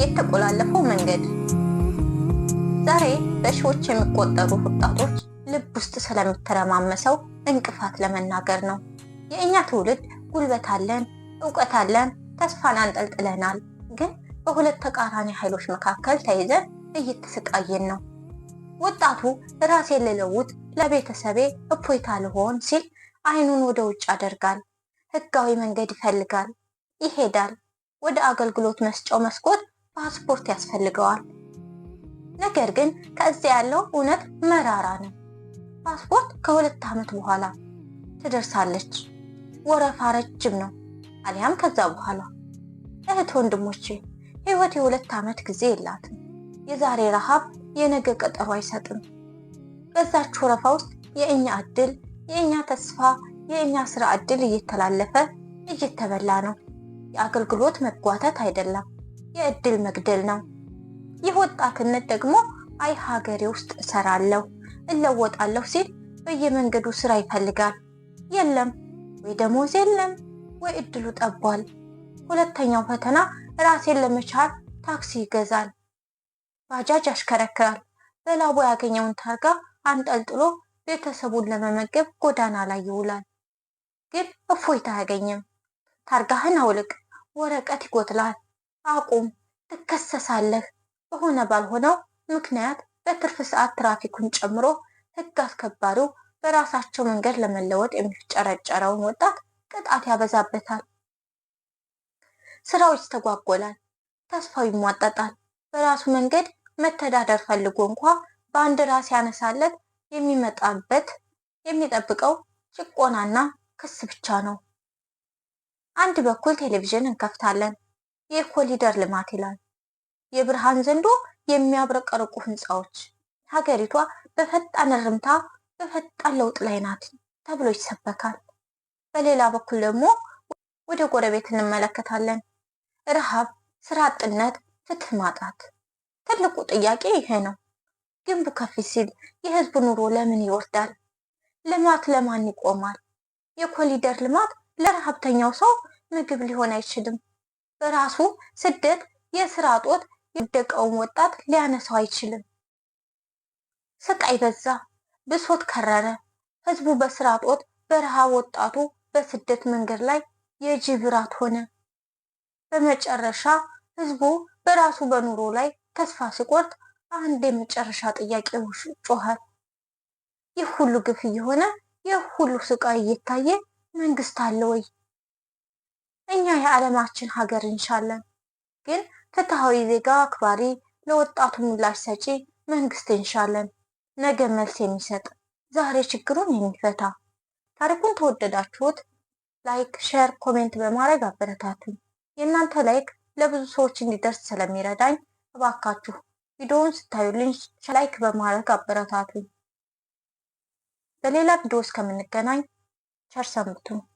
የተቆላለፈው መንገድ ዛሬ በሺዎች የሚቆጠሩ ወጣቶች ልብ ውስጥ ስለሚተረማመሰው እንቅፋት ለመናገር ነው። የእኛ ትውልድ ጉልበት አለን፣ እውቀት አለን፣ ተስፋን አንጠልጥለናል። ግን በሁለት ተቃራኒ ኃይሎች መካከል ተይዘን እየተሰቃየን ነው። ወጣቱ ራሴን ልለውጥ፣ ለቤተሰቤ እፎይታ ልሆን ሲል አይኑን ወደ ውጭ ያደርጋል። ህጋዊ መንገድ ይፈልጋል፣ ይሄዳል። ወደ አገልግሎት መስጫው መስኮት ፓስፖርት ያስፈልገዋል። ነገር ግን ከዚያ ያለው እውነት መራራ ነው። ፓስፖርት ከሁለት ዓመት በኋላ ትደርሳለች። ወረፋ ረጅም ነው፣ አሊያም ከዛ በኋላ። እህት ወንድሞቼ፣ ህይወት የሁለት ዓመት ጊዜ የላትም። የዛሬ ረሃብ የነገ ቀጠሮ አይሰጥም። በዛች ወረፋ ውስጥ የእኛ እድል፣ የእኛ ተስፋ፣ የእኛ ስራ እድል እየተላለፈ እየተበላ ነው። የአገልግሎት መጓተት አይደለም። የእድል መግደል ነው። የወጣትነት ደግሞ አይ ሀገሬ ውስጥ እሰራለሁ እለወጣለሁ ሲል በየመንገዱ ስራ ይፈልጋል። የለም ወይ ደሞዝ የለም ወይ እድሉ ጠቧል። ሁለተኛው ፈተና ራሴን ለመቻል ታክሲ ይገዛል፣ ባጃጅ ያሽከረክራል። በላቡ ያገኘውን ታርጋ አንጠልጥሎ ቤተሰቡን ለመመገብ ጎዳና ላይ ይውላል። ግን እፎይታ አያገኝም። ታርጋህን አውልቅ፣ ወረቀት ይጎትላል። አቁም፣ ትከሰሳለህ። በሆነ ባልሆነው ምክንያት በትርፍ ሰዓት ትራፊኩን ጨምሮ ህግ አስከባሪው በራሳቸው መንገድ ለመለወጥ የሚፍጨረጨረውን ወጣት ቅጣት ያበዛበታል። ስራው ይስተጓጎላል፣ ተስፋው ይሟጠጣል። በራሱ መንገድ መተዳደር ፈልጎ እንኳ በአንድ ራስ ያነሳለት የሚመጣበት የሚጠብቀው ጭቆናና ክስ ብቻ ነው። አንድ በኩል ቴሌቪዥን እንከፍታለን የኮሊደር ልማት ይላል። የብርሃን ዘንዶ የሚያብረቀርቁ ህንፃዎች፣ ሀገሪቷ በፈጣን እርምታ በፈጣን ለውጥ ላይ ናት ተብሎ ይሰበካል። በሌላ በኩል ደግሞ ወደ ጎረቤት እንመለከታለን። ረሃብ፣ ስራ አጥነት፣ ፍትህ ማጣት። ትልቁ ጥያቄ ይሄ ነው። ግንቡ ከፍ ሲል የህዝብ ኑሮ ለምን ይወርዳል? ልማት ለማን ይቆማል? የኮሊደር ልማት ለረሃብተኛው ሰው ምግብ ሊሆን አይችልም። በራሱ ስደት፣ የስራ ጦት የወደቀውን ወጣት ሊያነሳው አይችልም። ስቃይ በዛ፣ ብሶት ከረረ። ህዝቡ በስራ ጦት፣ በረሃብ፣ ወጣቱ በስደት መንገድ ላይ የጅብ ራት ሆነ። በመጨረሻ ህዝቡ በራሱ በኑሮ ላይ ተስፋ ሲቆርጥ አንድ የመጨረሻ ጥያቄ ጮኸ። ይህ ሁሉ ግፍ እየሆነ ይህ ሁሉ ስቃይ እየታየ መንግስት አለ ወይ? እኛ የዓለማችን ሀገር እንሻለን። ግን ፍትሐዊ ዜጋ አክባሪ፣ ለወጣቱ ምላሽ ሰጪ መንግስት እንሻለን። ነገ መልስ የሚሰጥ ዛሬ ችግሩን የሚፈታ። ታሪኩን ተወደዳችሁት? ላይክ፣ ሼር፣ ኮሜንት በማድረግ አበረታቱኝ። የእናንተ ላይክ ለብዙ ሰዎች እንዲደርስ ስለሚረዳኝ እባካችሁ ቪዲዮውን ስታዩልኝ ላይክ በማድረግ አበረታቱኝ። በሌላ ቪዲዮ እስከምንገናኝ ቸር